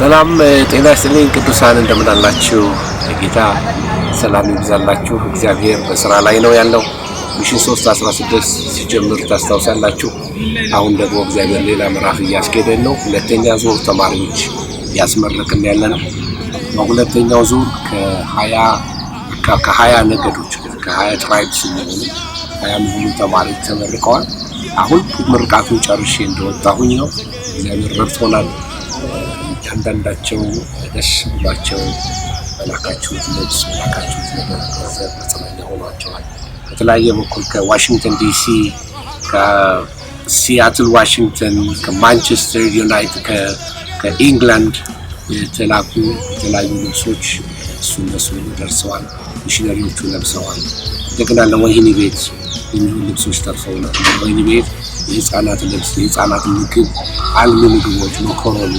ሰላም ጤና ይስጥልኝ ቅዱሳን፣ እንደምን አላችሁ? ጌታ ሰላም ይብዛላችሁ። እግዚአብሔር በስራ ላይ ነው ያለው። ሚሽን 316 ሲጀምር ታስታውሳላችሁ። አሁን ደግሞ እግዚአብሔር ሌላ ምዕራፍ እያስኬደን ነው። ሁለተኛ ዙር ተማሪዎች እያስመረቅን ያለ ነው። በሁለተኛው ዙር ከሀያ ነገዶች ከሀያ ትራይብስ የሚሆኑ ሀያ የሚሆኑ ተማሪዎች ተመርቀዋል። አሁን ምርቃቱን ጨርሼ እንደወጣሁኝ ነው። እግዚአብሔር ረድቶናል። እያንዳንዳቸው ደስ ብሏቸው በላካችሁት ልብስ በላካችሁት ነገር መጽናኛ ሆኗቸዋል። በተለያየ በኩል ከዋሽንግተን ዲሲ፣ ከሲያትል ዋሽንግተን፣ ከማንቸስተር ዩናይትድ፣ ከኢንግላንድ የተላኩ የተለያዩ ልብሶች እሱ እነሱ ደርሰዋል። ሚሽነሪዎቹ ለብሰዋል። እንደገና ለወህኒ ቤት የሚሆን ልብሶች ተርፈውናል። ለወህኒ ቤት የህፃናት ልብስ፣ የህፃናት ምግብ፣ አልሚ ምግቦች፣ መኮረኒ፣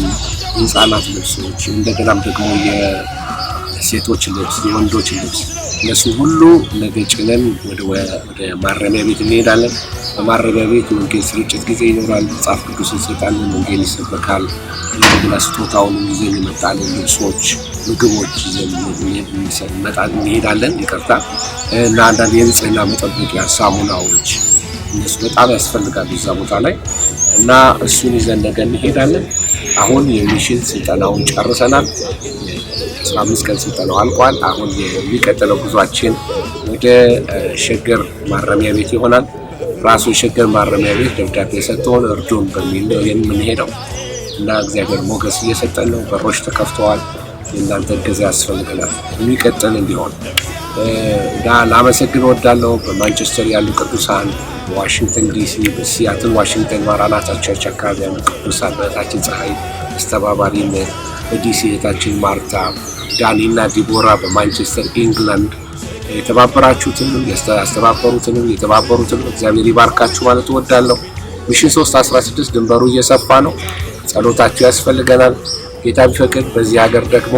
የህፃናት ልብሶች እንደገናም ደግሞ የሴቶች ልብስ፣ የወንዶች ልብስ እነሱ ሁሉ ነገ ጭነን ወደ ማረሚያ ቤት እንሄዳለን። በማረሚያ ቤት ወንጌል ስርጭት ጊዜ ይኖራል። መጽሐፍ ቅዱስ እንሰጣለን፣ ወንጌል ይሰበካል። እንደገና ስጦታውን ይዘን እንመጣለን። ልብሶች፣ ምግቦች ይዘን እንሄዳለን። ይቅርታ እና አንዳንድ የንጽህና መጠበቂያ ሳሙናዎች እነሱ በጣም ያስፈልጋሉ እዛ ቦታ ላይ እና እሱን ይዘን ነገ እንሄዳለን። አሁን የሚሽን ስልጠናውን ጨርሰናል። አስራ አምስት ቀን ስልጠናው አልቋል። አሁን የሚቀጥለው ጉዟችን ወደ ሸገር ማረሚያ ቤት ይሆናል። ራሱ ሸገር ማረሚያ ቤት ደብዳቤ ሰጥተውን እርዱን በሚል ነው የምንሄደው እና እግዚአብሔር ሞገስ እየሰጠን ነው። በሮች ተከፍተዋል። የእናንተ እገዛ ያስፈልገናል የሚቀጥል እንዲሆን እና ላመሰግን ወዳለው በማንቸስተር ያሉ ቅዱሳን ዋሽንግተን ዲሲ፣ በሲያትል ዋሽንግተን ማራናታ ቸርች አካባቢ ያሉ ቅዱሳን በእህታችን ፀሐይ አስተባባሪነት፣ በዲሲ እህታችን ማርታ ዳኒና ዲቦራ በማንቸስተር ኢንግላንድ የተባበራችሁትንም ያስተባበሩትንም የተባበሩትንም እግዚአብሔር ይባርካችሁ ማለት እወዳለሁ። ሚሽን 316 ድንበሩ እየሰፋ ነው። ጸሎታችሁ ያስፈልገናል። ጌታ ቢፈቅድ በዚህ ሀገር ደግሞ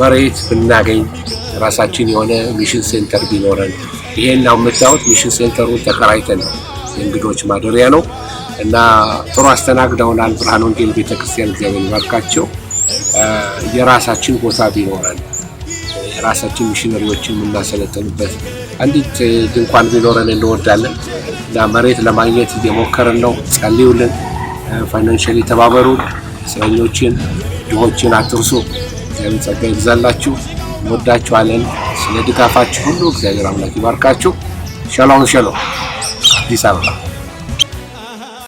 መሬት ብናገኝ ራሳችን የሆነ ሚሽን ሴንተር ቢኖረን ይሄን ነው የምታዩት ሚሽን ሴንተሩን ተከራይተን ነው። የእንግዶች ማደሪያ ነው እና ጥሩ አስተናግደውናል። ብርሃን ወንጌል ቤተክርስቲያን እግዚአብሔር ይባርካቸው። የራሳችን ቦታ ቢኖረን የራሳችን ሚሽነሪዎችን የምናሰለጥንበት አንዲት ድንኳን ቢኖረን እንወዳለን እና መሬት ለማግኘት እየሞከርን ነው። ጸልዩልን፣ ፋይናንሽሊ ተባበሩን። እስረኞችን፣ ድሆችን አትርሱ። እግዚአብሔር ጸጋ ይብዛላችሁ። እንወዳችኋለን። ስለ ድጋፋችሁ ሁሉ እግዚአብሔር አምላክ ይባርካችሁ። ሸሎም ሸሎም አዲስ አበባ